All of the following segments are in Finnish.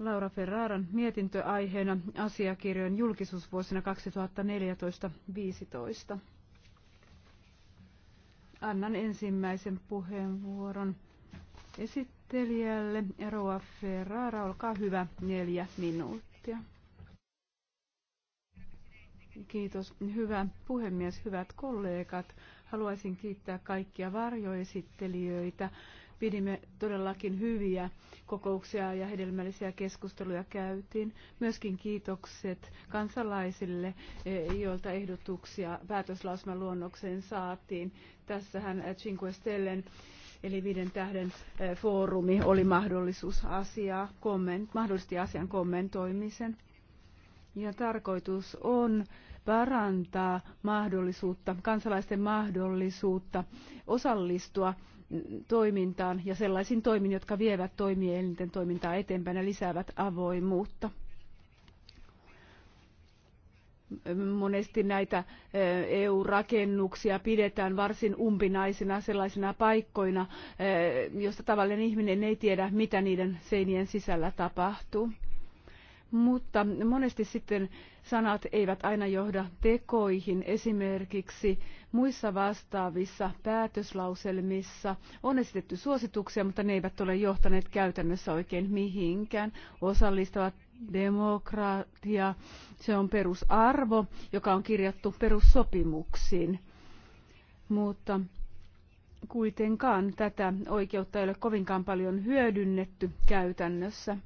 Laura Ferraran mietintöaiheena asiakirjojen julkisuus vuosina 2014-2015. Annan ensimmäisen puheenvuoron esittelijälle. Roa Ferrara, olkaa hyvä, neljä minuuttia. Kiitos, hyvä puhemies, hyvät kollegat. Haluaisin kiittää kaikkia varjoesittelijöitä Pidimme todellakin hyviä kokouksia ja hedelmällisiä keskusteluja käytiin. Myöskin kiitokset kansalaisille, e, joilta ehdotuksia päätöslausman luonnokseen saatiin. Tässähän Cinque Stellen eli viiden tähden e, foorumi oli mahdollisuus asiaa, komment, mahdollisesti asian kommentoimisen. Ja tarkoitus on parantaa mahdollisuutta, kansalaisten mahdollisuutta osallistua toimintaan ja sellaisiin toimiin, jotka vievät toimielinten toimintaa eteenpäin ja lisäävät avoimuutta. Monesti näitä eh, EU-rakennuksia pidetään varsin umpinaisina sellaisina paikkoina, eh, josta tavallinen ihminen ei tiedä, mitä niiden seinien sisällä tapahtuu mutta monesti sitten sanat eivät aina johda tekoihin. Esimerkiksi muissa vastaavissa päätöslauselmissa on esitetty suosituksia, mutta ne eivät ole johtaneet käytännössä oikein mihinkään. Osallistavat demokratia, se on perusarvo, joka on kirjattu perussopimuksiin. Mutta kuitenkaan tätä oikeutta ei ole kovinkaan paljon hyödynnetty käytännössä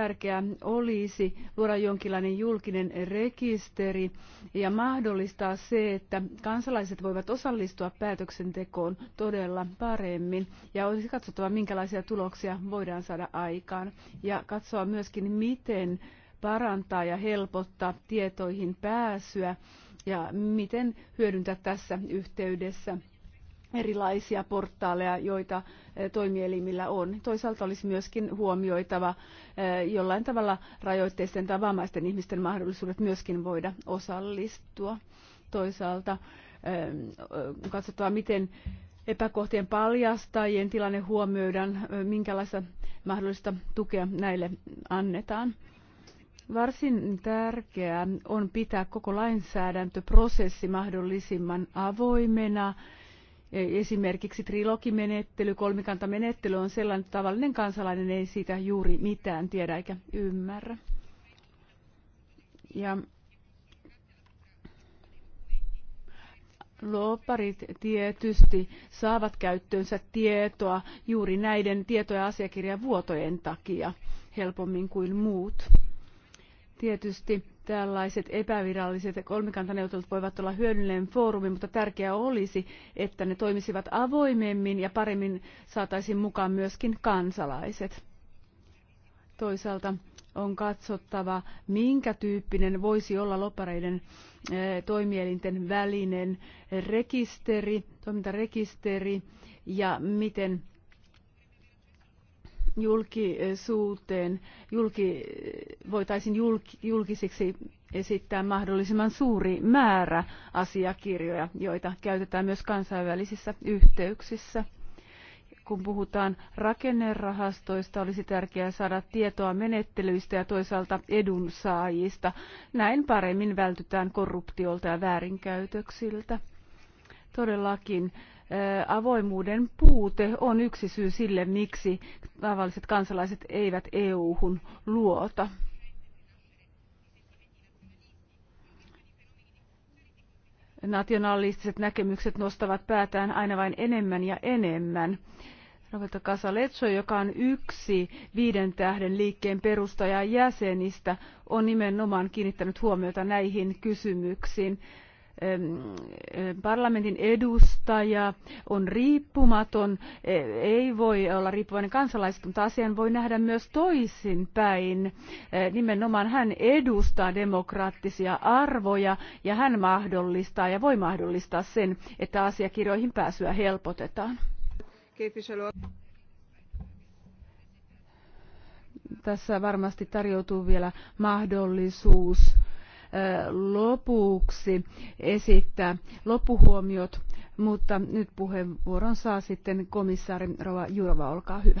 tärkeää olisi luoda jonkinlainen julkinen rekisteri ja mahdollistaa se, että kansalaiset voivat osallistua päätöksentekoon todella paremmin ja olisi katsottava, minkälaisia tuloksia voidaan saada aikaan ja katsoa myöskin, miten parantaa ja helpottaa tietoihin pääsyä ja miten hyödyntää tässä yhteydessä erilaisia portaaleja, joita eh, toimielimillä on. Toisaalta olisi myöskin huomioitava eh, jollain tavalla rajoitteisten tai vammaisten ihmisten mahdollisuudet myöskin voida osallistua. Toisaalta eh, katsotaan, miten epäkohtien paljastajien tilanne huomioidaan, minkälaista mahdollista tukea näille annetaan. Varsin tärkeää on pitää koko lainsäädäntöprosessi mahdollisimman avoimena E, esimerkiksi trilogimenettely, kolmikantamenettely on sellainen, että tavallinen kansalainen ei siitä juuri mitään tiedä eikä ymmärrä. Ja Lopparit tietysti saavat käyttöönsä tietoa juuri näiden tieto- ja asiakirjavuotojen takia helpommin kuin muut. Tietysti tällaiset epäviralliset kolmikantaneuvottelut voivat olla hyödyllinen foorumi, mutta tärkeää olisi, että ne toimisivat avoimemmin ja paremmin saataisiin mukaan myöskin kansalaiset. Toisaalta on katsottava, minkä tyyppinen voisi olla lopareiden eh, toimielinten välinen rekisteri, toimintarekisteri ja miten julkisuuteen julki, voitaisiin julk, julkisiksi esittää mahdollisimman suuri määrä asiakirjoja, joita käytetään myös kansainvälisissä yhteyksissä. Kun puhutaan rakennerahastoista, olisi tärkeää saada tietoa menettelyistä ja toisaalta edunsaajista. Näin paremmin vältytään korruptiolta ja väärinkäytöksiltä. Todellakin avoimuuden puute on yksi syy sille, miksi tavalliset kansalaiset eivät EU-hun luota. Nationalistiset näkemykset nostavat päätään aina vain enemmän ja enemmän. Roberto Casaleccio, joka on yksi viiden tähden liikkeen perustajajäsenistä, on nimenomaan kiinnittänyt huomiota näihin kysymyksiin parlamentin edustaja on riippumaton, e, ei voi olla riippuvainen kansalaisista, mutta asian voi nähdä myös toisinpäin. E, nimenomaan hän edustaa demokraattisia arvoja ja hän mahdollistaa ja voi mahdollistaa sen, että asiakirjoihin pääsyä helpotetaan. Tässä varmasti tarjoutuu vielä mahdollisuus lopuksi esittää loppuhuomiot, mutta nyt puheenvuoron saa sitten komissaari Rova Jurva, olkaa hyvä.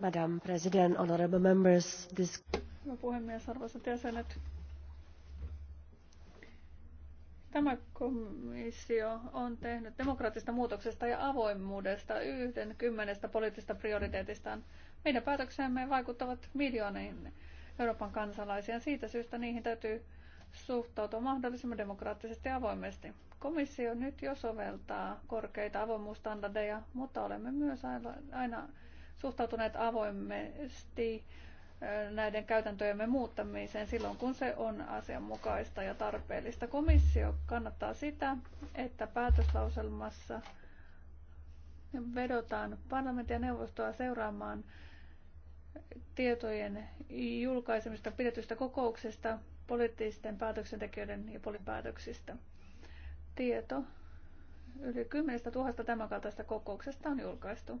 Madam President, honorable members, this... Hyvä puhemies, arvoisat jäsenet. Tämä komissio on tehnyt demokraattisesta muutoksesta ja avoimuudesta yhden kymmenestä poliittisesta prioriteetistaan. Meidän päätöksemme vaikuttavat miljooniin Euroopan kansalaisia. Siitä syystä niihin täytyy suhtautua mahdollisimman demokraattisesti ja avoimesti. Komissio nyt jo soveltaa korkeita avoimuusstandardeja, mutta olemme myös aina suhtautuneet avoimesti näiden käytäntöjemme muuttamiseen silloin, kun se on asianmukaista ja tarpeellista. Komissio kannattaa sitä, että päätöslauselmassa vedotaan parlamentin ja neuvostoa seuraamaan tietojen julkaisemista pidetystä kokouksesta poliittisten päätöksentekijöiden ja poliittipäätöksistä. Tieto yli 10 000 kaltaista kokouksesta on julkaistu.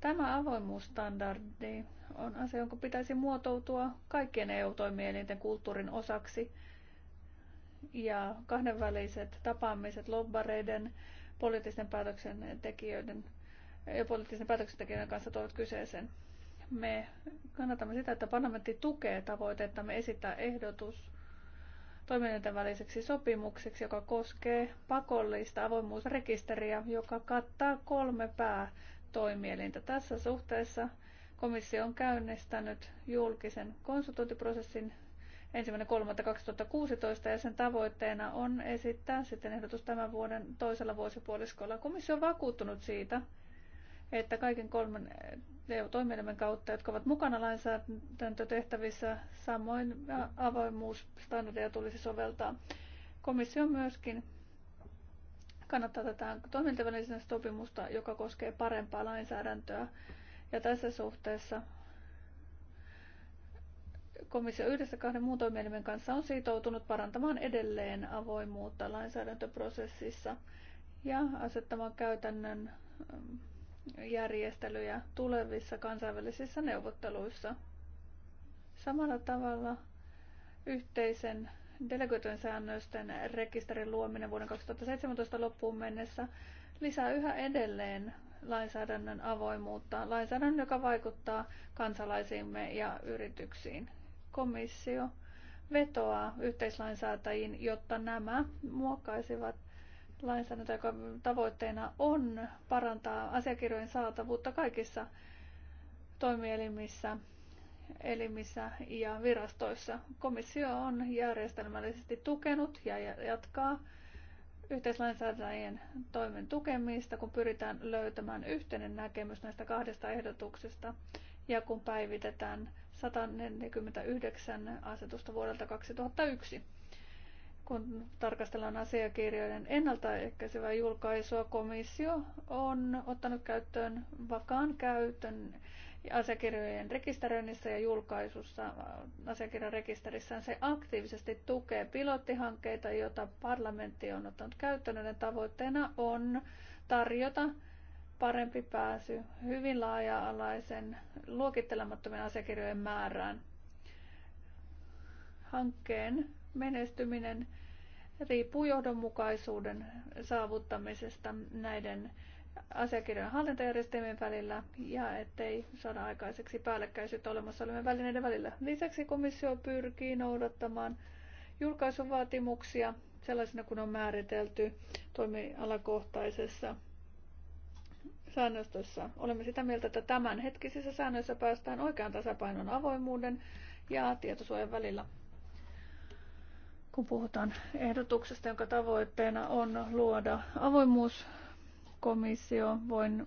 Tämä avoimuusstandardi on asia, jonka pitäisi muotoutua kaikkien EU-toimielinten kulttuurin osaksi. Ja kahdenväliset tapaamiset lobbareiden, poliittisten päätöksentekijöiden ja poliittisten päätöksentekijöiden kanssa tuovat kyseeseen me kannatamme sitä, että parlamentti tukee me esittää ehdotus toiminnan väliseksi sopimukseksi, joka koskee pakollista avoimuusrekisteriä, joka kattaa kolme päätoimielintä. Tässä suhteessa komissio on käynnistänyt julkisen konsultointiprosessin 1.3.2016 ja sen tavoitteena on esittää sitten ehdotus tämän vuoden toisella vuosipuoliskolla. Komissio on vakuuttunut siitä, että kaiken kolmen eh, EU-toimielimen kautta, jotka ovat mukana lainsäädäntötehtävissä, samoin avoimuusstandardeja tulisi soveltaa. Komissio myöskin kannattaa tätä toimintavälisen sopimusta, joka koskee parempaa lainsäädäntöä. Ja tässä suhteessa komissio yhdessä kahden muun toimielimen kanssa on sitoutunut parantamaan edelleen avoimuutta lainsäädäntöprosessissa ja asettamaan käytännön mm, järjestelyjä tulevissa kansainvälisissä neuvotteluissa. Samalla tavalla yhteisen delegoitujen säännösten rekisterin luominen vuoden 2017 loppuun mennessä lisää yhä edelleen lainsäädännön avoimuutta, lainsäädännön, joka vaikuttaa kansalaisiimme ja yrityksiin. Komissio vetoaa yhteislainsäätäjiin, jotta nämä muokkaisivat lainsäädäntö, joka tavoitteena on parantaa asiakirjojen saatavuutta kaikissa toimielimissä elimissä ja virastoissa. Komissio on järjestelmällisesti tukenut ja jatkaa yhteislainsäätäjien toimen tukemista, kun pyritään löytämään yhteinen näkemys näistä kahdesta ehdotuksesta ja kun päivitetään 149 asetusta vuodelta 2001 kun tarkastellaan asiakirjojen ennaltaehkäisevää julkaisua, komissio on ottanut käyttöön vakaan käytön asiakirjojen rekisteröinnissä ja julkaisussa asiakirjan rekisterissään. Se aktiivisesti tukee pilottihankkeita, joita parlamentti on ottanut käyttöön. tavoitteena on tarjota parempi pääsy hyvin laaja-alaisen luokittelemattomien asiakirjojen määrään. Hankkeen menestyminen riippuu johdonmukaisuuden saavuttamisesta näiden asiakirjojen hallintajärjestelmien välillä ja ettei saada aikaiseksi päällekkäisyyttä olemassa olevien välineiden välillä. Lisäksi komissio pyrkii noudattamaan julkaisuvaatimuksia sellaisina kuin on määritelty toimialakohtaisessa säännöstössä. Olemme sitä mieltä, että tämänhetkisissä säännöissä päästään oikean tasapainon avoimuuden ja tietosuojan välillä kun puhutaan ehdotuksesta, jonka tavoitteena on luoda avoimuuskomissio. Voin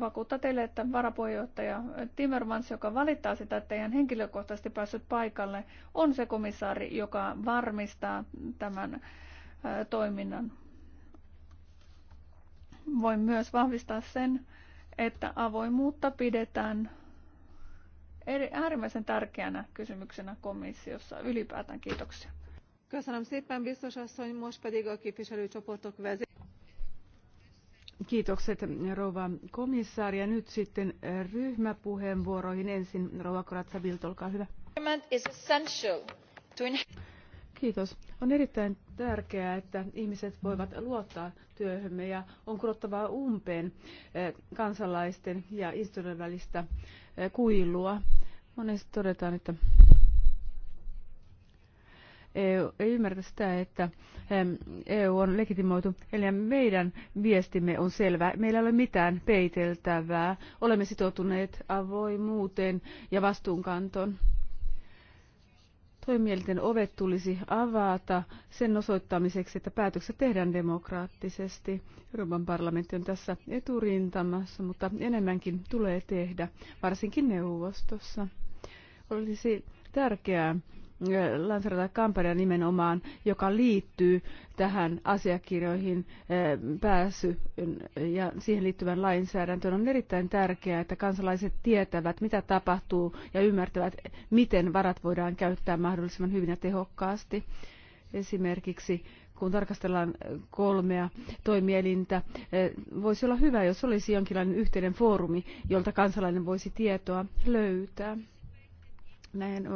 vakuuttaa teille, että varapuheenjohtaja Timmermans, joka valittaa sitä, että ei hän henkilökohtaisesti päässyt paikalle, on se komissaari, joka varmistaa tämän toiminnan. Voin myös vahvistaa sen, että avoimuutta pidetään äärimmäisen tärkeänä kysymyksenä komissiossa ylipäätään. Kiitoksia. Köszönöm szépen, biztos asszony, most pedig a képviselőcsoportok Kiitokset rouva komissaari. Ja nyt sitten ryhmäpuheenvuoroihin. Ensin rouva Koratsa-Bilt, olkaa hyvä. Kiitos. On erittäin tärkeää, että ihmiset voivat luottaa työhömme ja on kurottavaa umpeen eh, kansalaisten ja instituutioiden välistä eh, kuilua. Monesti todetaan, että EU, ei ymmärrä sitä, että EU e on legitimoitu. Eli meidän viestimme on selvä. Meillä ei ole mitään peiteltävää. Olemme sitoutuneet avoimuuteen ja vastuunkantoon. Toimielinten ovet tulisi avata sen osoittamiseksi, että päätökset tehdään demokraattisesti. Euroopan parlamentti on tässä eturintamassa, mutta enemmänkin tulee tehdä, varsinkin neuvostossa. Olisi tärkeää, lanseerata kampanja nimenomaan, joka liittyy tähän asiakirjoihin eh, pääsy ja siihen liittyvän lainsäädäntöön. On erittäin tärkeää, että kansalaiset tietävät, mitä tapahtuu ja ymmärtävät, miten varat voidaan käyttää mahdollisimman hyvin ja tehokkaasti. Esimerkiksi kun tarkastellaan kolmea toimielintä, eh, voisi olla hyvä, jos olisi jonkinlainen yhteinen foorumi, jolta kansalainen voisi tietoa löytää. Näin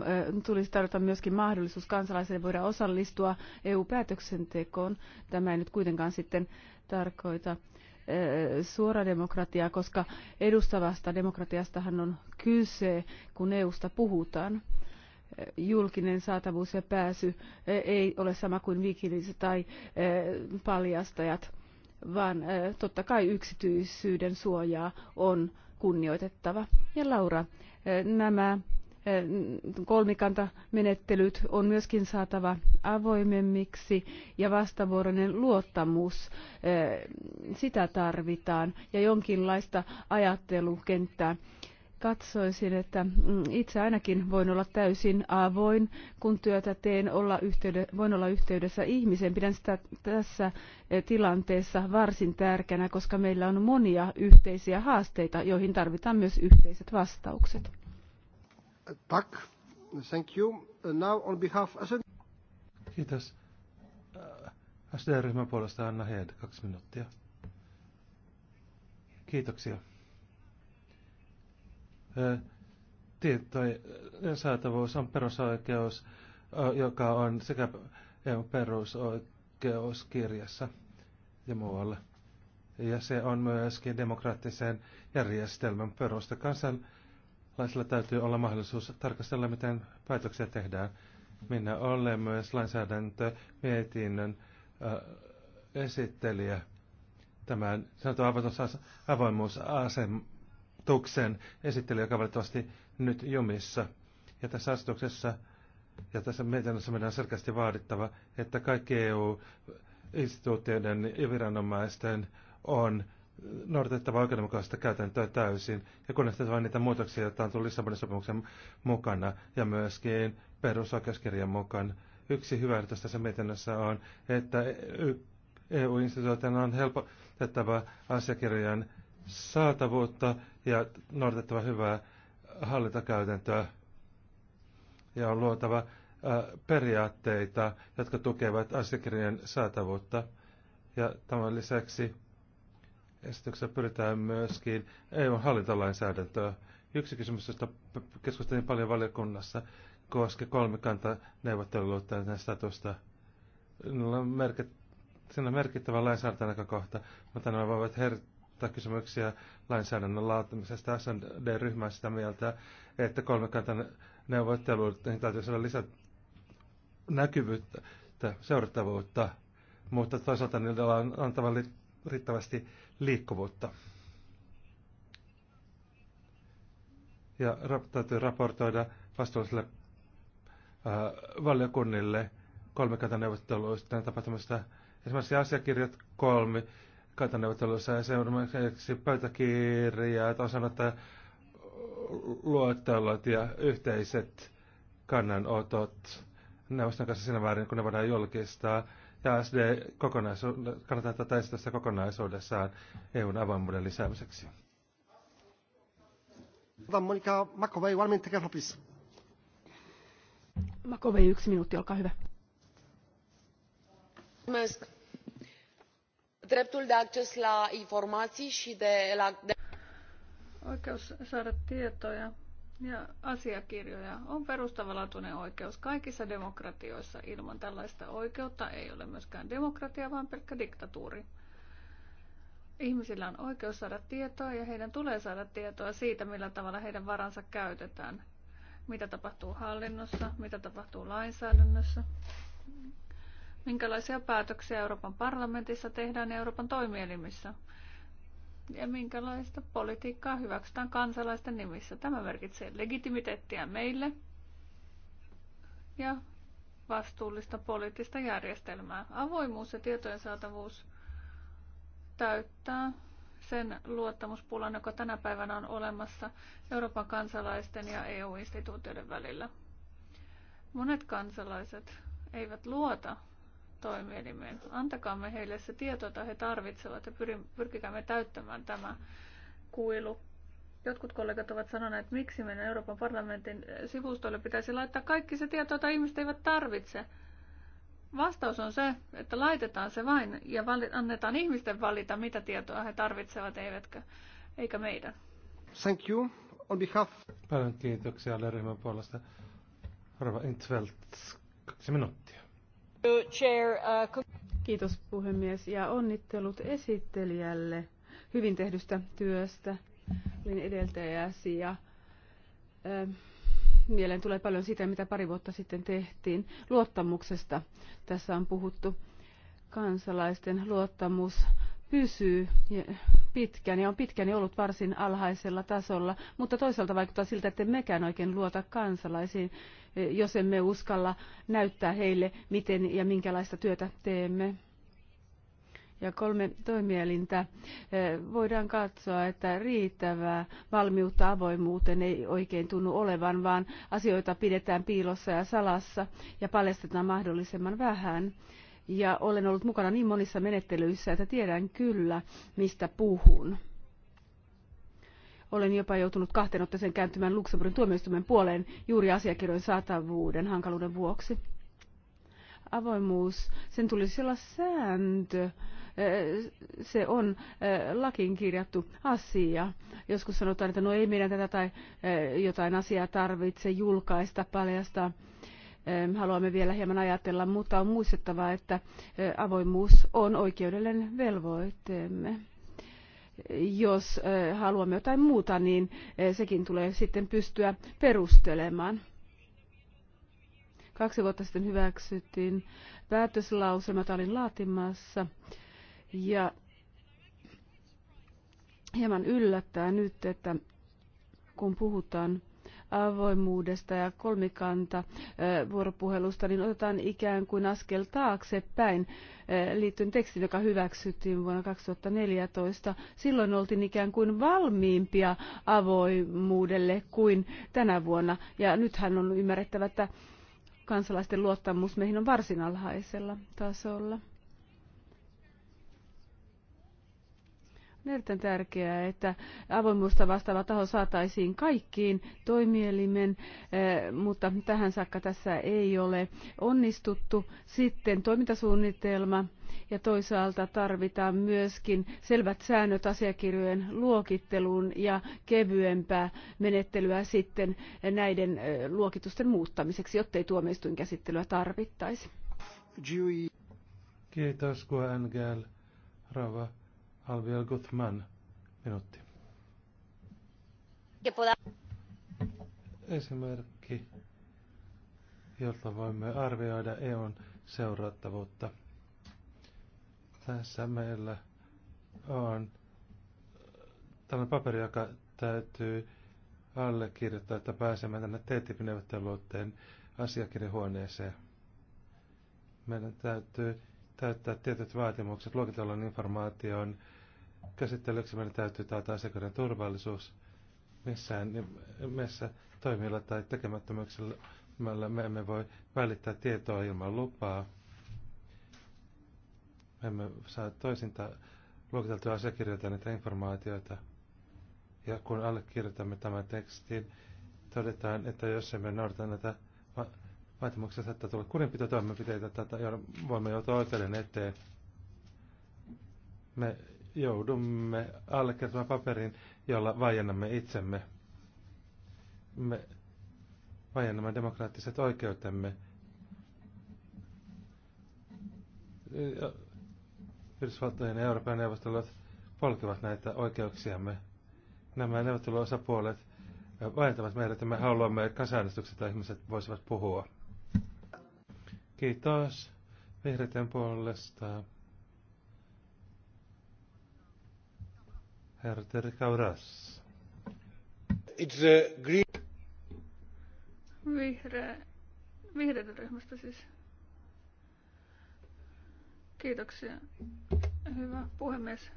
tulisi tarjota myöskin mahdollisuus kansalaisille voida osallistua EU-päätöksentekoon. Tämä ei nyt kuitenkaan sitten tarkoita suora demokratiaa, koska edustavasta demokratiastahan on kyse, kun EUsta puhutaan. Julkinen saatavuus ja pääsy ei ole sama kuin vikiliset tai paljastajat, vaan totta kai yksityisyyden suojaa on kunnioitettava. Ja Laura, nämä kolmikantamenettelyt on myöskin saatava avoimemmiksi ja vastavuoroinen luottamus, sitä tarvitaan ja jonkinlaista ajattelukenttää katsoisin, että mm, itse ainakin voin olla täysin avoin, kun työtä teen, olla yhteyde, voin olla yhteydessä ihmiseen. Pidän sitä tässä tilanteessa varsin tärkeänä, koska meillä on monia yhteisiä haasteita, joihin tarvitaan myös yhteiset vastaukset. Tak. Thank you. Now on behalf of... Kiitos. Äh, SD-ryhmän puolesta Anna Heed, kaksi minuuttia. Kiitoksia. Äh, tietojen äh, saatavuus on perusoikeus, joka on sekä perusoikeuskirjassa ja muualla. Ja se on myöskin demokraattisen järjestelmän perusta. Kansan Laisilla täytyy olla mahdollisuus tarkastella, miten päätöksiä tehdään. Minä olen myös äh, esittelijä tämän sanotun avoimuusasetuksen esittelijä, joka valitettavasti nyt jumissa. Ja tässä asetuksessa ja tässä mietinnössä meidän on selkeästi vaadittava, että kaikki EU-instituutioiden ja viranomaisten on noudatettava oikeudenmukaista käytäntöä täysin ja kunnistettava niitä muutoksia, joita on tullut Lissabonin sopimuksen mukana ja myöskin perusoikeuskirjan mukaan. Yksi hyvä tässä mietinnössä on, että eu instituutioiden on helpotettava asiakirjan saatavuutta ja noudatettava hyvää hallintakäytäntöä ja on luotava periaatteita, jotka tukevat asiakirjan saatavuutta. Ja tämän lisäksi esityksessä pyritään myöskin EU-hallintolainsäädäntöä. Yksi kysymys, josta keskustelin paljon valiokunnassa, koski kolmikanta neuvotteluiden statusta. Siinä on merkittävä lainsäädäntönäkökohta, mutta nämä voivat herättää kysymyksiä lainsäädännön laatimisesta. SND-ryhmä sitä mieltä, että kolmikantan neuvotteluiden täytyy saada lisät näkyvyyttä, seurattavuutta, mutta toisaalta niillä on antava riittävästi liikkuvuutta. Ja täytyy raportoida vastuulliselle äh, valiokunnille kolmikantaneuvotteluista tapahtumista. Esimerkiksi asiakirjat kolmi kantaneuvotteluissa ja seuraavaksi pöytäkirjat, sanottu luettelot ja yhteiset kannanotot neuvoston kanssa siinä määrin, kun ne voidaan julkistaa ja SD kannattaa tätä tässä kokonaisuudessaan EUn avoimuuden lisäämiseksi. Monika Makovei, valmiin tekemään Makovei, yksi minuutti, olkaa hyvä. Dreptul de acces la informații și de la... Oikeus saada tietoja ja asiakirjoja on perustavanlaatuinen oikeus kaikissa demokratioissa. Ilman tällaista oikeutta ei ole myöskään demokratia, vaan pelkkä diktatuuri. Ihmisillä on oikeus saada tietoa ja heidän tulee saada tietoa siitä, millä tavalla heidän varansa käytetään. Mitä tapahtuu hallinnossa, mitä tapahtuu lainsäädännössä, minkälaisia päätöksiä Euroopan parlamentissa tehdään ja Euroopan toimielimissä ja minkälaista politiikkaa hyväksytään kansalaisten nimissä. Tämä merkitsee legitimiteettiä meille ja vastuullista poliittista järjestelmää. Avoimuus ja tietojen saatavuus täyttää sen luottamuspulan, joka tänä päivänä on olemassa Euroopan kansalaisten ja EU-instituutioiden välillä. Monet kansalaiset eivät luota toimielimeen. Antakaamme heille se tieto, jota he tarvitsevat ja pyrkikäämme täyttämään tämä kuilu. Jotkut kollegat ovat sanoneet, että miksi meidän Euroopan parlamentin eh, sivustolle pitäisi laittaa kaikki se tieto, jota ihmiset eivät tarvitse. Vastaus on se, että laitetaan se vain ja annetaan ihmisten valita, mitä tietoa he tarvitsevat, eivätkä, eikä meidän. Thank you. On behalf... Paljon kiitoksia alle ryhmän puolesta. Rova Intveld, kaksi minuuttia. Uh, Kiitos puhemies ja onnittelut esittelijälle hyvin tehdystä työstä. Olin edeltäjäsi ja ähm, mieleen tulee paljon sitä, mitä pari vuotta sitten tehtiin. Luottamuksesta tässä on puhuttu. Kansalaisten luottamus pysyy pitkään ja on pitkään ollut varsin alhaisella tasolla, mutta toisaalta vaikuttaa siltä, että mekään oikein luota kansalaisiin jos emme uskalla näyttää heille, miten ja minkälaista työtä teemme ja kolme toimielintä, eh, voidaan katsoa, että riittävää valmiutta avoimuuteen ei oikein tunnu olevan, vaan asioita pidetään piilossa ja salassa ja paljastetaan mahdollisimman vähän. Ja olen ollut mukana niin monissa menettelyissä, että tiedän kyllä, mistä puhun. Olen jopa joutunut kahteen otteeseen kääntymään Luxemburgin tuomioistuimen puoleen juuri asiakirjojen saatavuuden hankaluuden vuoksi. Avoimuus, sen tulisi olla sääntö. Se on lakiin kirjattu asia. Joskus sanotaan, että no ei meidän tätä tai jotain asiaa tarvitse julkaista, paljasta. haluamme vielä hieman ajatella, mutta on muistettava, että avoimuus on oikeudellinen velvoitteemme jos haluamme jotain muuta, niin sekin tulee sitten pystyä perustelemaan. Kaksi vuotta sitten hyväksyttiin päätöslauselma, jota olin laatimassa. Ja hieman yllättää nyt, että kun puhutaan avoimuudesta ja kolmikanta vuoropuhelusta, niin otetaan ikään kuin askel taaksepäin liittyen tekstiin, joka hyväksyttiin vuonna 2014. Silloin oltiin ikään kuin valmiimpia avoimuudelle kuin tänä vuonna. Ja nythän on ymmärrettävä, että kansalaisten luottamus meihin on varsin alhaisella tasolla. On erittäin tärkeää, että avoimuusta vastaava taho saataisiin kaikkiin toimielimen, eh, mutta tähän saakka tässä ei ole onnistuttu. Sitten toimintasuunnitelma ja toisaalta tarvitaan myöskin selvät säännöt asiakirjojen luokitteluun ja kevyempää menettelyä sitten näiden eh, luokitusten muuttamiseksi, tuomioistuin käsittelyä tarvittaisi. Kiitos, Rava Alvia Gutman, minuutti. Esimerkki, jolta voimme arvioida EUn seurattavuutta. Tässä meillä on tällainen paperi, joka täytyy allekirjoittaa, että pääsemme tänne TTIP-neuvotteluiden asiakirjahuoneeseen. Meidän täytyy täyttää tietyt vaatimukset luokitellaan informaation käsittelyksi meidän täytyy taata asiakkaiden turvallisuus missään nimessä toimilla tai tekemättömyyksillä. Me emme voi välittää tietoa ilman lupaa. Me emme saa toisinta luokiteltua asiakirjoita niitä informaatioita. Ja kun allekirjoitamme tämän tekstin, todetaan, että jos emme noudata näitä vaatimuksia, saattaa tulla kurinpitotoimenpiteitä, tätä voimme joutua oikeuden eteen. Me joudumme allekirjoittamaan paperin, jolla vajennamme itsemme. Me vajennamme demokraattiset oikeutemme. Yhdysvaltojen ja Euroopan neuvottelut polkevat näitä oikeuksiamme. Nämä neuvotteluosapuolet vajentavat meidät että me haluamme kansanäänestykset, ihmiset voisivat puhua. Kiitos vihreiden puolesta. Herr It's a green... Vihreä, vihreiden ryhmästä siis. Kiitoksia. Hyvä puhemies.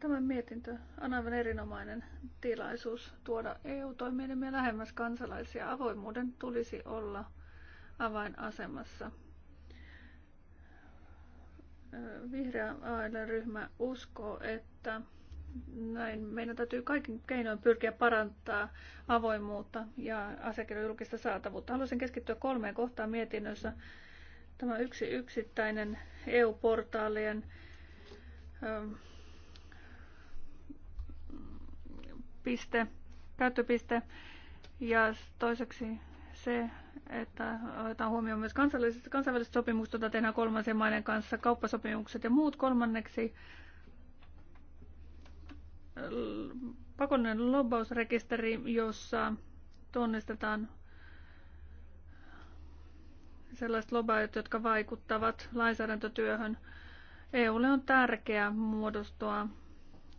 Tämä mietintö on aivan erinomainen tilaisuus tuoda eu toimijoiden lähemmäs kansalaisia. Avoimuuden tulisi olla avainasemassa – vihreä AL-ryhmä uskoo, että näin meidän täytyy kaikin keinoin pyrkiä parantaa avoimuutta ja asiakirjojen julkista saatavuutta. Haluaisin keskittyä kolmeen kohtaan mietinnössä. Tämä yksi yksittäinen EU-portaalien piste, käyttöpiste ja toiseksi se, että otetaan huomioon myös kansalliset, kansainväliset sopimukset, joita tehdään kolmansien maiden kanssa, kauppasopimukset ja muut kolmanneksi. Pakollinen lobbausrekisteri, jossa tunnistetaan sellaiset lobbaajat, jotka vaikuttavat lainsäädäntötyöhön. EUlle on tärkeää muodostua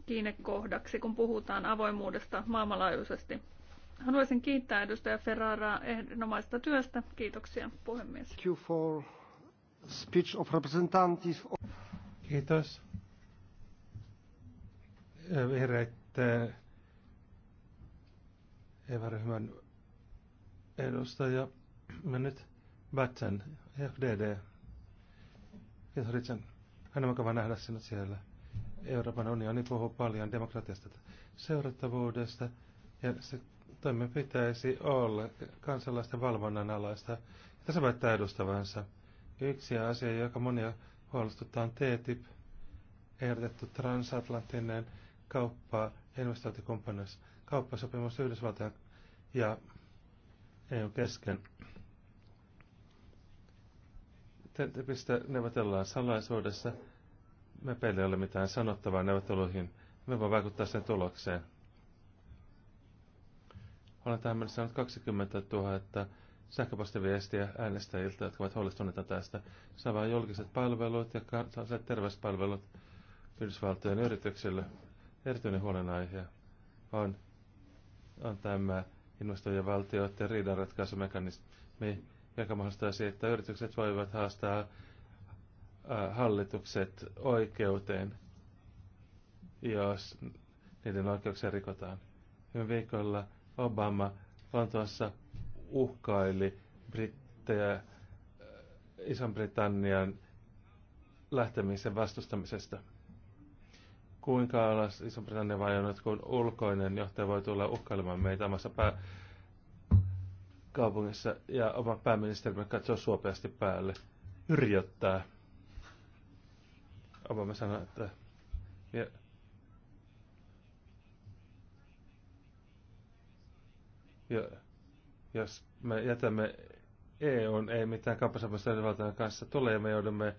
kiinnekohdaksi, kun puhutaan avoimuudesta maailmanlaajuisesti. Haluaisin kiittää edustaja Ferraraa erinomaisesta työstä. Kiitoksia puhemies. Thank you for speech of representatives. Kiitos. Vihreät Eva-ryhmän edustaja. Mä nyt Batsen, FDD. Kiitos Ritsen. Hän on mukava nähdä sinut siellä. Euroopan unioni puhuu paljon demokratiasta, seurattavuudesta ja se toimen pitäisi olla kansalaisten valvonnan alaista. se väittää edustavansa. Yksi asia, joka monia huolestuttaa, on TTIP, ehdotettu transatlanttinen kauppa, investointikumppanuus, kauppasopimus Yhdysvaltain ja EU kesken. TTIPistä neuvotellaan salaisuudessa. Me ei ole mitään sanottavaa neuvotteluihin. Me voimme vaikuttaa sen tulokseen olen tähän mennessä saanut 20 000 sähköpostiviestiä äänestäjiltä, jotka ovat huolestuneita tästä. Sama julkiset palvelut ja kansalliset terveyspalvelut Yhdysvaltojen yrityksille. Erityinen huolenaihe on, on tämä investoijien valtioiden riidanratkaisumekanismi, joka mahdollistaa siitä, että yritykset voivat haastaa hallitukset oikeuteen, jos niiden oikeuksia rikotaan. Viime viikolla Obama Lontoossa uhkaili brittejä äh, Ison-Britannian lähtemisen vastustamisesta. Kuinka alas Iso-Britannia vajonnut, kun ulkoinen johtaja voi tulla uhkailemaan meitä omassa pää- kaupungissa ja oma pääministerimme katsoo suopeasti päälle, yrjöttää. Obama sanoi, että ja Ja, jos me jätämme EUn, ei mitään kauppasopimusta Yhdysvaltain kanssa tule ja me joudumme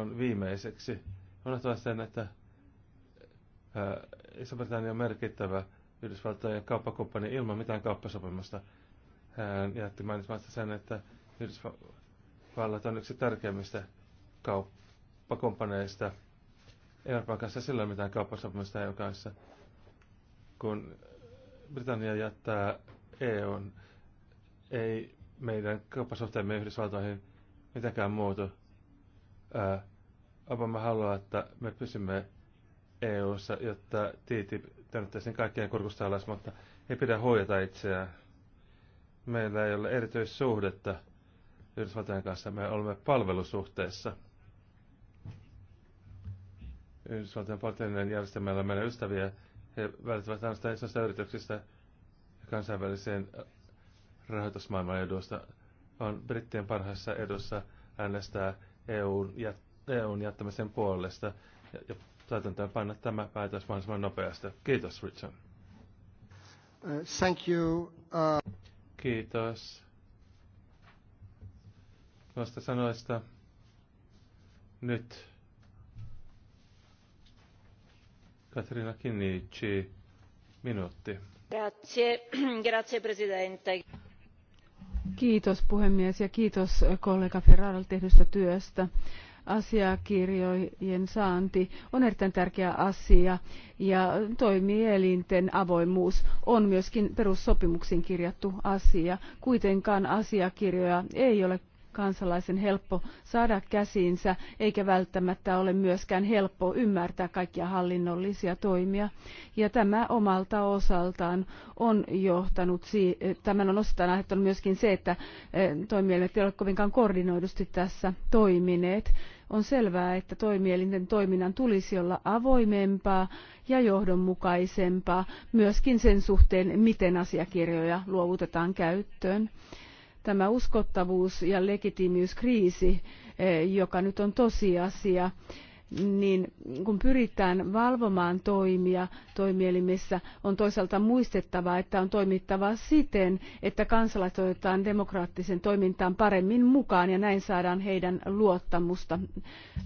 on viimeiseksi. Unohtaa sen, että Iso-Britannia on merkittävä Yhdysvaltojen kauppakumppani ilman mitään kauppasopimusta. Hän jätti mainitsematta sen, että Yhdysvallat on yksi tärkeimmistä kauppakumppaneista Euroopan kanssa sillä mitään kauppasopimusta EUn kanssa. Kun Britannia jättää EUn, ei meidän kauppasuhteemme Yhdysvaltoihin mitenkään muutu. Ää, Obama haluaa, että me pysymme EUssa, jotta TTIP tönnettäisiin kaikkien kurkusta alas, mutta ei pidä huijata itseään. Meillä ei ole erityissuhdetta Yhdysvaltojen kanssa, me olemme palvelusuhteessa. Yhdysvaltojen poliittinen järjestelmällä meidän ystäviä he välittävät ainoastaan yrityksistä kansainväliseen rahoitusmaailman edusta. On brittien parhaassa edussa äänestää EUn, jät- EUn jättämisen puolesta ja, ja täytäntöön panna tämä päätös mahdollisimman nopeasti. Kiitos, Richard. Uh, thank you. Uh... Kiitos noista sanoista. Nyt Katrina Kinnici, minuutti. Grazie, grazie presidente. Kiitos puhemies ja kiitos kollega Ferraral tehdystä työstä asiakirjojen saanti on erittäin tärkeä asia ja toimielinten avoimuus on myöskin perussopimuksiin kirjattu asia. Kuitenkaan asiakirjoja ei ole kansalaisen helppo saada käsiinsä, eikä välttämättä ole myöskään helppo ymmärtää kaikkia hallinnollisia toimia. Ja tämä omalta osaltaan on johtanut, tämän on osittain aiheuttanut myöskin se, että eh, toimielimet eivät ole kovinkaan koordinoidusti tässä toimineet. On selvää, että toimielinten toiminnan tulisi olla avoimempaa ja johdonmukaisempaa myöskin sen suhteen, miten asiakirjoja luovutetaan käyttöön tämä uskottavuus- ja legitiimiyskriisi, eh, joka nyt on tosiasia, niin kun pyritään valvomaan toimia toimielimissä, on toisaalta muistettava, että on toimittava siten, että kansalaiset otetaan demokraattisen toimintaan paremmin mukaan ja näin saadaan heidän luottamusta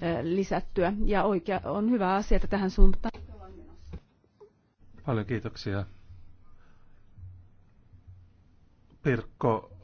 eh, lisättyä. Ja oikea, on hyvä asia, että tähän suuntaan. Paljon kiitoksia. Pirkko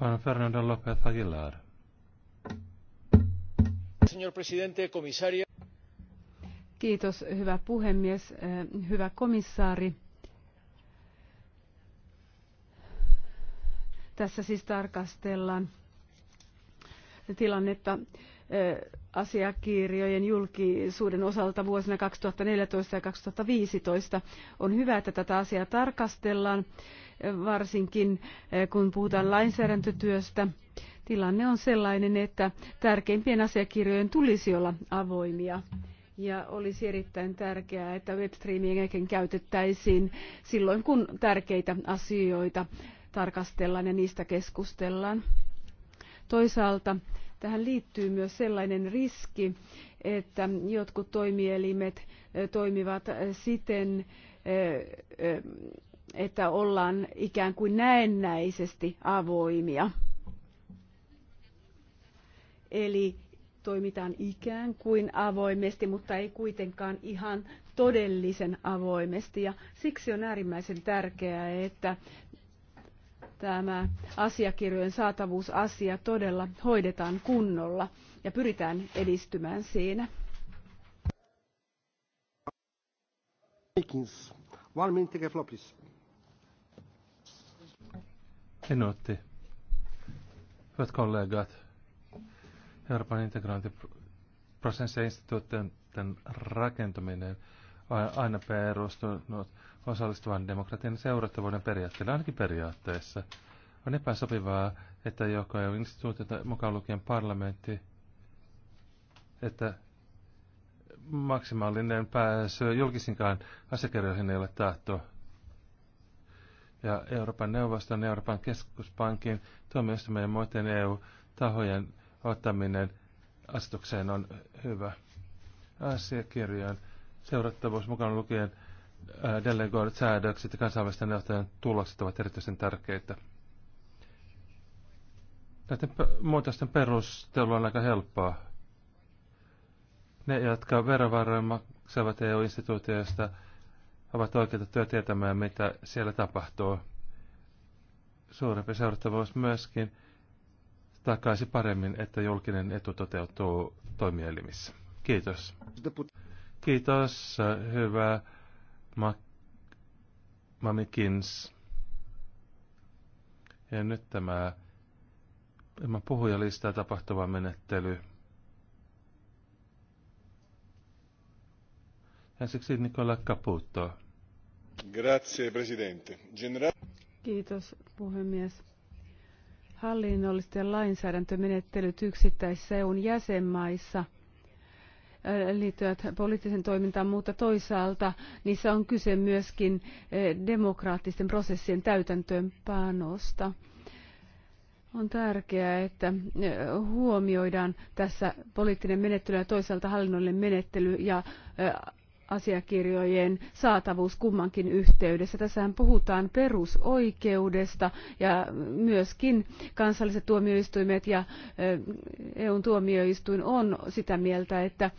Juan Fernando López Aguilar. Señor presidente, komissaria. Kiitos, hyvä puhemies, eh, hyvä komissaari. Tässä siis tarkastellaan tilannetta asiakirjojen julkisuuden osalta vuosina 2014 ja 2015. On hyvä, että tätä asiaa tarkastellaan, varsinkin kun puhutaan lainsäädäntötyöstä. Tilanne on sellainen, että tärkeimpien asiakirjojen tulisi olla avoimia. Ja olisi erittäin tärkeää, että webstreamingiäkin käytettäisiin silloin, kun tärkeitä asioita tarkastellaan ja niistä keskustellaan. Toisaalta Tähän liittyy myös sellainen riski, että jotkut toimielimet toimivat siten, että ollaan ikään kuin näennäisesti avoimia. Eli toimitaan ikään kuin avoimesti, mutta ei kuitenkaan ihan todellisen avoimesti. Ja siksi on äärimmäisen tärkeää, että tämä asiakirjojen saatavuusasia todella hoidetaan kunnolla ja pyritään edistymään siinä. One minute, take floor, Hyvät kollegat, Euroopan integrointiprosessin instituutin rakentaminen on aina perustunut osallistuvan demokratian seurattavuuden periaatteella, ainakin periaatteessa. On epäsopivaa, että joka on instituutiota mukaan lukien parlamentti, että maksimaalinen pääsy julkisinkaan asiakirjoihin ei ole tahto. Ja Euroopan neuvoston, Euroopan keskuspankin, tuomioistuimen ja muiden EU-tahojen ottaminen asetukseen on hyvä. Asiakirjojen seurattavuus mukaan lukien Äh, delegoidut säädökset ja kansainvälisten neuvottelujen tulokset ovat erityisen tärkeitä. Näiden muutosten perustelu on aika helppoa. Ne, jotka verovaroja maksavat EU-instituutioista, ovat oikeutettuja tietämään, mitä siellä tapahtuu. Suurempi seurattavuus myöskin takaisi paremmin, että julkinen etu toteutuu toimielimissä. Kiitos. Kiitos, Hyvää. Mamikins. Ja nyt tämä ilman puhujalistaa tapahtuva menettely. Ensiksi Nikola Caputo. Grazie, presidente. General... Kiitos, puhemies. Hallinnollisten lainsäädäntömenettelyt yksittäisissä EUn jäsenmaissa – liittyvät poliittisen toimintaan, mutta toisaalta niissä on kyse myöskin eh, demokraattisten prosessien täytäntöönpanosta. On tärkeää, että eh, huomioidaan tässä poliittinen menettely ja toisaalta hallinnollinen menettely ja eh, asiakirjojen saatavuus kummankin yhteydessä. Tässähän puhutaan perusoikeudesta ja myöskin kansalliset tuomioistuimet ja EUn tuomioistuin on sitä mieltä, että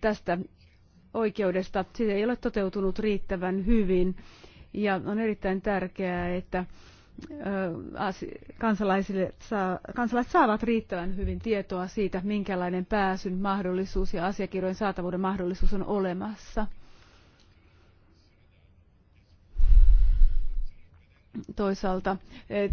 tästä oikeudesta sitä ei ole toteutunut riittävän hyvin ja on erittäin tärkeää, että kansalaisille saa, kansalaiset saavat riittävän hyvin tietoa siitä, minkälainen pääsyn mahdollisuus ja asiakirjojen saatavuuden mahdollisuus on olemassa. toisaalta eh,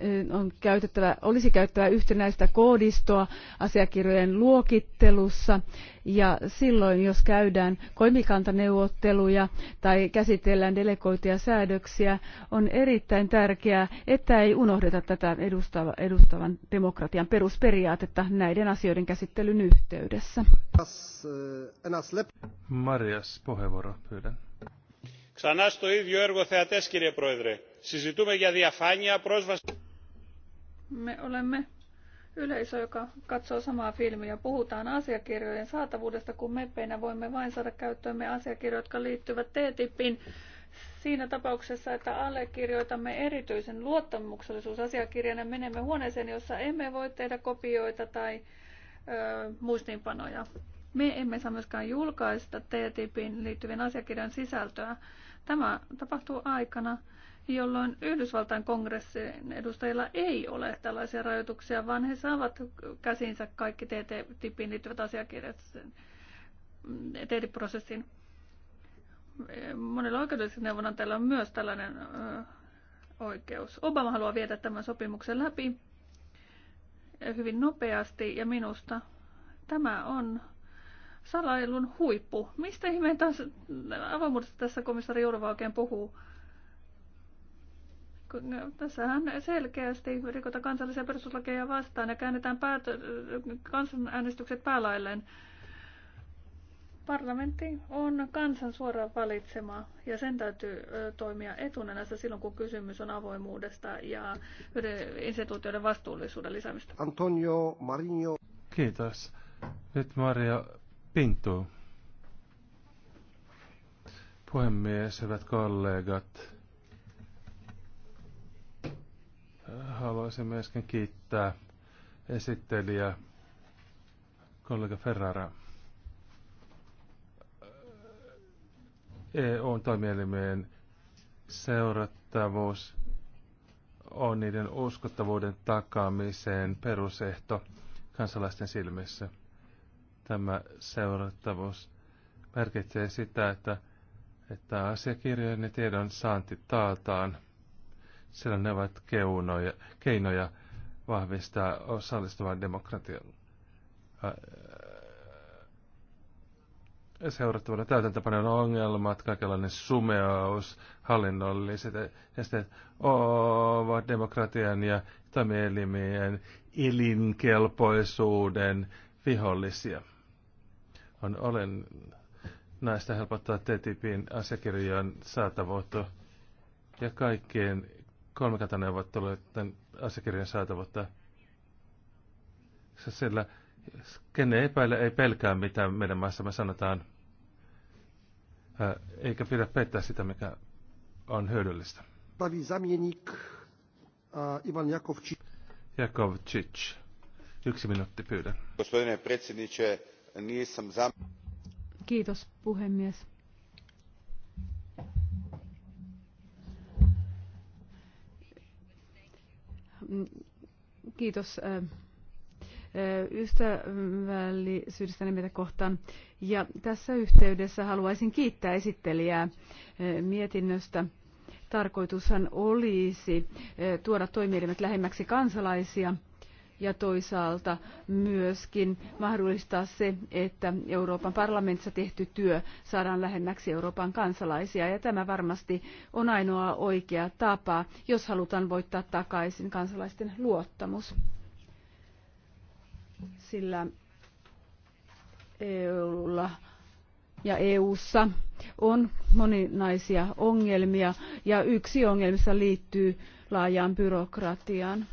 eh, on käytettävä, olisi käytettävä yhtenäistä koodistoa asiakirjojen luokittelussa ja silloin jos käydään kolmikantaneuvotteluja tai käsitellään delegoituja säädöksiä on erittäin tärkeää että ei unohdeta tätä edustava, edustavan demokratian perusperiaatetta näiden asioiden käsittelyn yhteydessä. Marias, puheenvuoro pyydän. Ξανά στο ίδιο έργο θεατές κύριε Πρόεδρε. Συζητούμε για διαφάνεια, πρόσβαση. Me olemme yleisö, joka katsoo samaa filmiä. Puhutaan asiakirjojen saatavuudesta, kun meppeinä voimme vain saada käyttöömme asiakirjoja, jotka liittyvät TTIPin siinä tapauksessa, että allekirjoitamme erityisen luottamuksellisuusasiakirjan ja menemme huoneeseen, jossa emme voi tehdä kopioita tai ö, muistiinpanoja. Me emme saa myöskään julkaista TTIPin liittyvien asiakirjojen sisältöä. Tämä tapahtuu aikana, jolloin Yhdysvaltain kongressin edustajilla ei ole tällaisia rajoituksia, vaan he saavat käsinsä kaikki TTIPin liittyvät asiakirjat TTIP-prosessin. Monilla oikeudellisilla neuvonantajilla on myös tällainen oikeus. Obama haluaa viedä tämän sopimuksen läpi hyvin nopeasti ja minusta tämä on salailun huippu. Mistä ihmeen taas avoimuudesta tässä komissaari Jourova oikein puhuu? No, tässähän selkeästi rikotaan kansallisia perustuslakeja vastaan ja käännetään päät kansanäänestykset päälailleen. Parlamentti on kansan suoraan valitsema ja sen täytyy toimia etunenässä silloin, kun kysymys on avoimuudesta ja instituutioiden vastuullisuuden lisäämistä. Antonio Marinho. Kiitos. Nyt Maria Pintu. Puhemies, hyvät kollegat Haluaisin myöskin kiittää esittelijä kollega Ferrara EUn toimielimien seurattavuus on niiden uskottavuuden takaamiseen perusehto kansalaisten silmissä. Tämä seurattavuus merkitsee sitä, että, että asiakirjojen ja tiedon saanti taataan sillä ne ovat keunoja, keinoja vahvistaa osallistuvaa demokratian seurattavana täytäntöpanon ongelmat, kaikenlainen sumeaus, hallinnolliset esteet ovat demokratian ja toimielimien elinkelpoisuuden vihollisia. On olen näistä helpottaa TTIPin asiakirjojen saatavuutta ja kaikkien kolmikantaneuvotteluiden asiakirjan saatavuutta. Sillä kenen epäile ei pelkää, mitä meidän maassamme sanotaan, eikä pidä pettää sitä, mikä on hyödyllistä. Pravi zamienik Ivan Jakovčić. Jakovčić. Yksi minuutti pyydän. Kiitos puhemies. kiitos ystävällisyydestä meitä kohtaan. Ja tässä yhteydessä haluaisin kiittää esittelijää mietinnöstä. Tarkoitushan olisi tuoda toimielimet lähemmäksi kansalaisia – ja toisaalta myöskin mahdollistaa se, että Euroopan parlamentissa tehty työ saadaan lähemmäksi Euroopan kansalaisia. Ja tämä varmasti on ainoa oikea tapa, jos halutaan voittaa takaisin kansalaisten luottamus. Sillä EUlla ja EUssa on moninaisia ongelmia ja yksi ongelmista liittyy laajaan byrokratiaan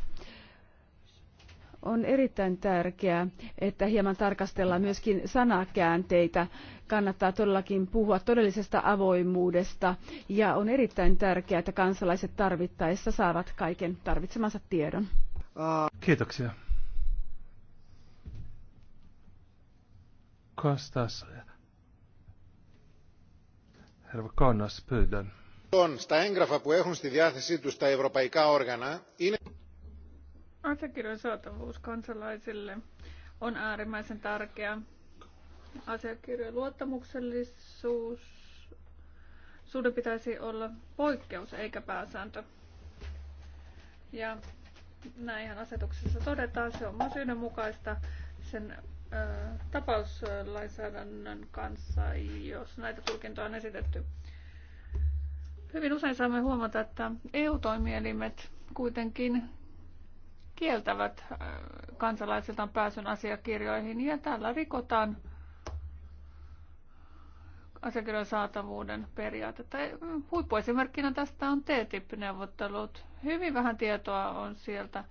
on erittäin tärkeää, että hieman tarkastellaan myöskin sanakäänteitä. Kannattaa todellakin puhua todellisesta avoimuudesta ja on erittäin tärkeää, että kansalaiset tarvittaessa saavat kaiken tarvitsemansa tiedon. Kiitoksia. Kostas. Herra Kannas, pyydän. Στα έγγραφα που έχουν στη διάθεσή τους τα ευρωπαϊκά Asiakirjojen saatavuus kansalaisille on äärimmäisen tärkeä. Asiakirjojen luottamuksellisuus suuden pitäisi olla poikkeus eikä pääsääntö. Ja näinhän asetuksessa todetaan, se on myös yhdenmukaista sen ö, tapauslainsäädännön kanssa, jos näitä tulkintoja on esitetty. Hyvin usein saamme huomata, että EU-toimielimet kuitenkin kieltävät äh, kansalaisiltaan pääsyn asiakirjoihin ja tällä rikotaan asiakirjojen saatavuuden periaatetta. Mm, huippuesimerkkinä tästä on TTIP-neuvottelut. Hyvin vähän tietoa on sieltä äh,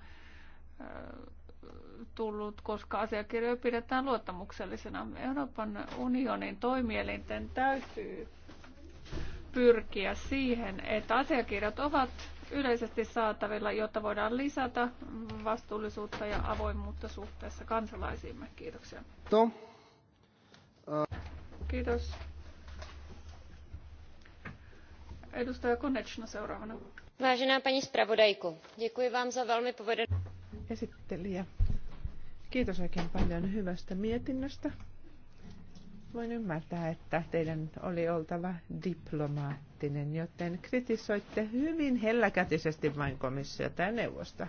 tullut, koska asiakirjoja pidetään luottamuksellisena. Euroopan unionin toimielinten täytyy pyrkiä siihen, että asiakirjat ovat yleisesti saatavilla, jotta voidaan lisätä vastuullisuutta ja avoimuutta suhteessa kansalaisiimme. Kiitoksia. To. Kiitos. Edustaja Konechna seuraavana. Vážená paní spravodajku, děkuji vám za velmi povedenou... Esittelijä. Kiitos oikein paljon hyvästä mietinnöstä. Voin ymmärtää, että teidän oli oltava diplomaattinen, joten kritisoitte hyvin helläkätisesti vain komissiota ja neuvosta.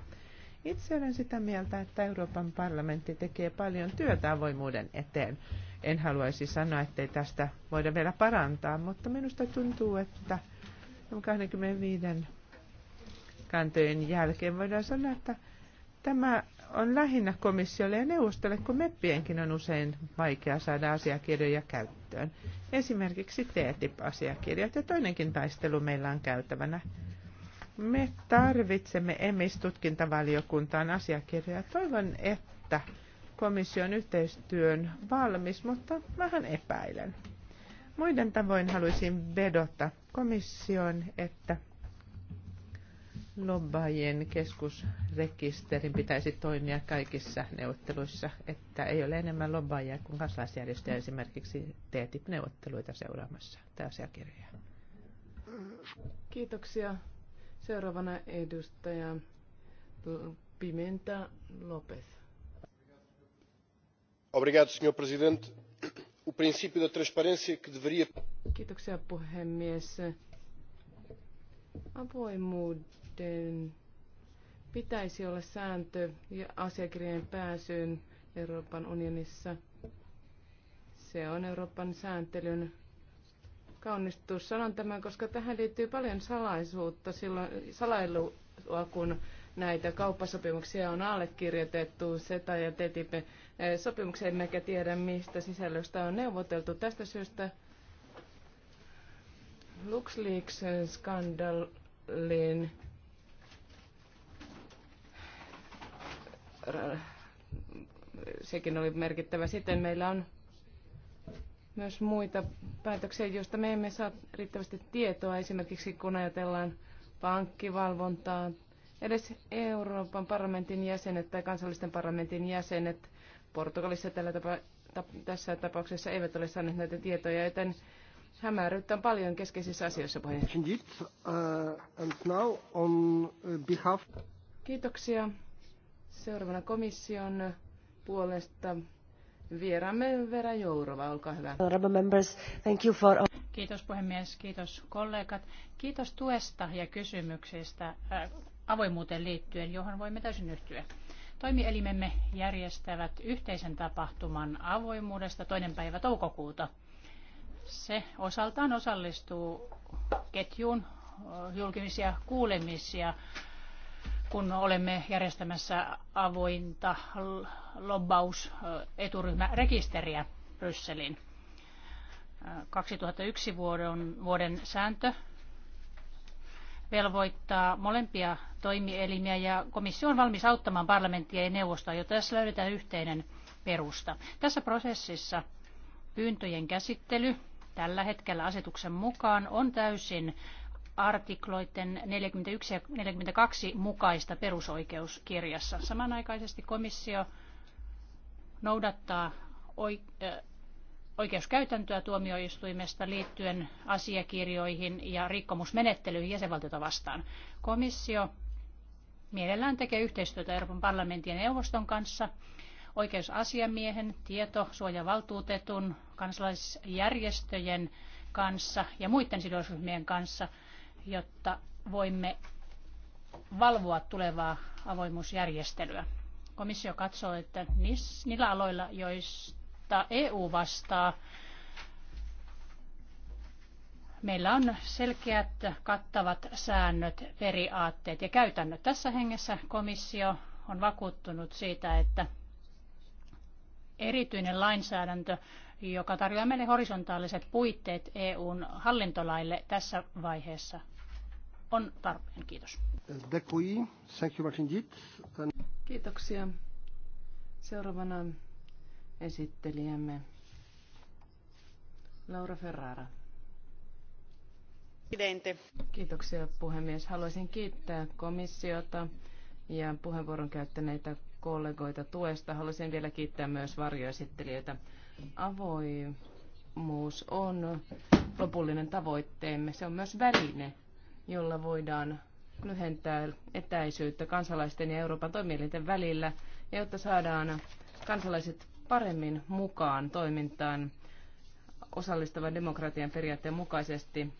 Itse olen sitä mieltä, että Euroopan parlamentti tekee paljon työtä avoimuuden eteen. En haluaisi sanoa, ettei tästä voida vielä parantaa, mutta minusta tuntuu, että 25 kantojen jälkeen voidaan sanoa, että tämä on lähinnä komissiolle ja neuvostolle, kun meppienkin on usein vaikea saada asiakirjoja käyttöön. Esimerkiksi TTIP-asiakirjat e ja toinenkin taistelu meillä on käytävänä. Me tarvitsemme EMIS-tutkintavaliokuntaan asiakirjoja. Toivon, että komission yhteistyön valmis, mutta vähän epäilen. Muiden tavoin haluaisin vedota komission, että lobbaajien keskusrekisterin pitäisi toimia kaikissa neuvotteluissa, että ei ole enemmän lobbaajia kuin kansalaisjärjestöjä esimerkiksi TTIP-neuvotteluita seuraamassa tämä asiakirja. Kiitoksia. Seuraavana edustaja Pimenta Lopez. Obrigado, senhor presidente. O princípio da transparência que deveria... Kiitoksia puhemies. Avoimuus Yhteen pitäisi olla sääntö ja asiakirjojen pääsyyn Euroopan unionissa. Se on Euroopan sääntelyn kaunistus. Sanon tämän, koska tähän liittyy paljon salaisuutta, silloin, salailua, kun näitä kauppasopimuksia on allekirjoitettu, SETA ja TTIP. Sopimuksia emmekä tiedä, mistä sisällöstä on neuvoteltu. Tästä syystä LuxLeaks-skandaalin sekin oli merkittävä. Sitten meillä on myös muita päätöksiä, joista me emme saa riittävästi tietoa, esimerkiksi kun ajatellaan pankkivalvontaa. Edes Euroopan parlamentin jäsenet tai kansallisten parlamentin jäsenet Portugalissa tällä tapa, ta, tässä tapauksessa eivät ole saaneet näitä tietoja, joten hämäryyttä on paljon keskeisissä asioissa uh, Kiitoksia. Seuraavana komission puolesta vieraamme Vera Jourova, olkaa hyvä. Members, thank you for... Kiitos puhemies, kiitos kollegat. Kiitos tuesta ja kysymyksistä äh, avoimuuteen liittyen, johon voimme täysin yhtyä. Toimielimemme järjestävät yhteisen tapahtuman avoimuudesta toinen päivä toukokuuta. Se osaltaan osallistuu ketjuun äh, julkisia kuulemisia kun olemme järjestämässä avointa lobbaus eturyhmärekisteriä Brysseliin. 2001 vuoden, vuoden sääntö velvoittaa molempia toimielimiä ja komissio on valmis auttamaan parlamenttia ja neuvostoa, jotta tässä löydetään yhteinen perusta. Tässä prosessissa pyyntöjen käsittely tällä hetkellä asetuksen mukaan on täysin artikloiden 41 ja 42 mukaista perusoikeuskirjassa. Samanaikaisesti komissio noudattaa oikeuskäytäntöä tuomioistuimesta liittyen asiakirjoihin ja rikkomusmenettelyihin jäsenvaltiota vastaan. Komissio mielellään tekee yhteistyötä Euroopan parlamentin ja neuvoston kanssa oikeusasiamiehen, tietosuojavaltuutetun, kansalaisjärjestöjen kanssa ja muiden sidosryhmien kanssa – jotta voimme valvoa tulevaa avoimuusjärjestelyä. Komissio katsoo, että niillä aloilla, joista EU vastaa, meillä on selkeät kattavat säännöt, periaatteet ja käytännöt. Tässä hengessä komissio on vakuuttunut siitä, että erityinen lainsäädäntö, joka tarjoaa meille horisontaaliset puitteet EUn hallintolaille tässä vaiheessa on tarpeen. Kiitos. Kiitoksia. Seuraavana esittelijämme Laura Ferrara. Kiitoksia puhemies. Haluaisin kiittää komissiota ja puheenvuoron käyttäneitä kollegoita tuesta. Haluaisin vielä kiittää myös varjoesittelijöitä. Avoimuus on lopullinen tavoitteemme. Se on myös väline, jolla voidaan lyhentää etäisyyttä kansalaisten ja Euroopan toimielinten välillä, ja jotta saadaan kansalaiset paremmin mukaan toimintaan osallistavan demokratian periaatteen mukaisesti.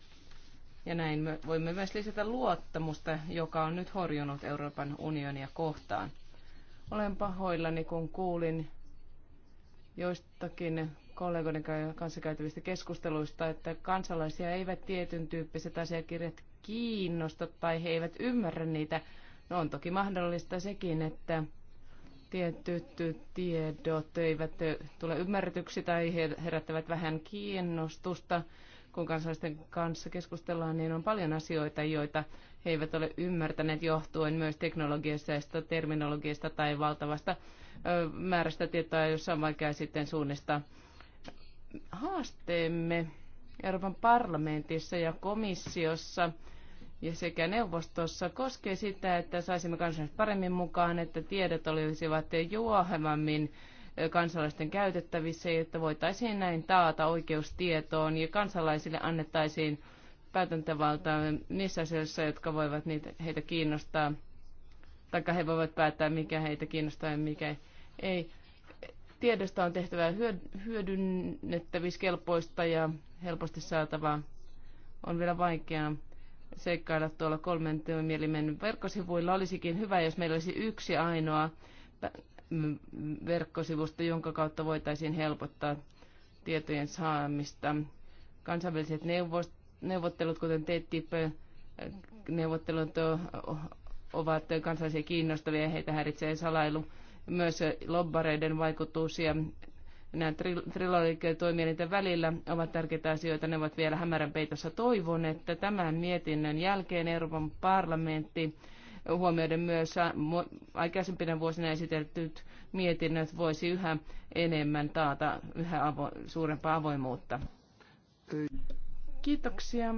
Ja näin me voimme myös lisätä luottamusta, joka on nyt horjunut Euroopan unionia kohtaan. Olen pahoillani, kun kuulin joistakin kollegoiden kanssa käytävistä keskusteluista, että kansalaisia eivät tietyn tyyppiset asiakirjat kiinnosta tai he eivät ymmärrä niitä. No on toki mahdollista sekin, että tietyt tiedot eivät tule ymmärretyksi tai he herättävät vähän kiinnostusta. Kun kansalaisten kanssa keskustellaan, niin on paljon asioita, joita he eivät ole ymmärtäneet johtuen myös teknologiasta, terminologiasta tai valtavasta määrästä tietoa, jossa on vaikea sitten suunnistaa. Haasteemme Euroopan parlamentissa ja komissiossa – ja sekä neuvostossa koskee sitä, että saisimme kansalaiset paremmin mukaan, että tiedot olisivat juohevammin kansalaisten käytettävissä, että voitaisiin näin taata oikeus tietoon ja kansalaisille annettaisiin päätäntävaltaa niissä asioissa, jotka voivat niitä, heitä kiinnostaa, tai he voivat päättää, mikä heitä kiinnostaa ja mikä ei. Tiedosta on tehtävää hyödynnettävissä, kelpoista ja helposti saatavaa. On vielä vaikeaa seikkailla tuolla kolmen toimielimen verkkosivuilla. Olisikin hyvä, jos meillä olisi yksi ainoa verkkosivusto, jonka kautta voitaisiin helpottaa tietojen saamista. Kansainväliset neuvottelut, kuten TTIP-neuvottelut, äh, ovat kansallisia kiinnostavia ja heitä häiritsee salailu. Myös lobbareiden vaikutus ja nämä trilogien niiden välillä ovat tärkeitä asioita. Ne ovat vielä hämärän peitossa. Toivon, että tämän mietinnön jälkeen Euroopan parlamentti huomioiden myös aikaisempina vuosina esiteltyt mietinnöt voisi yhä enemmän taata yhä avo- suurempaa avoimuutta. Kiitoksia.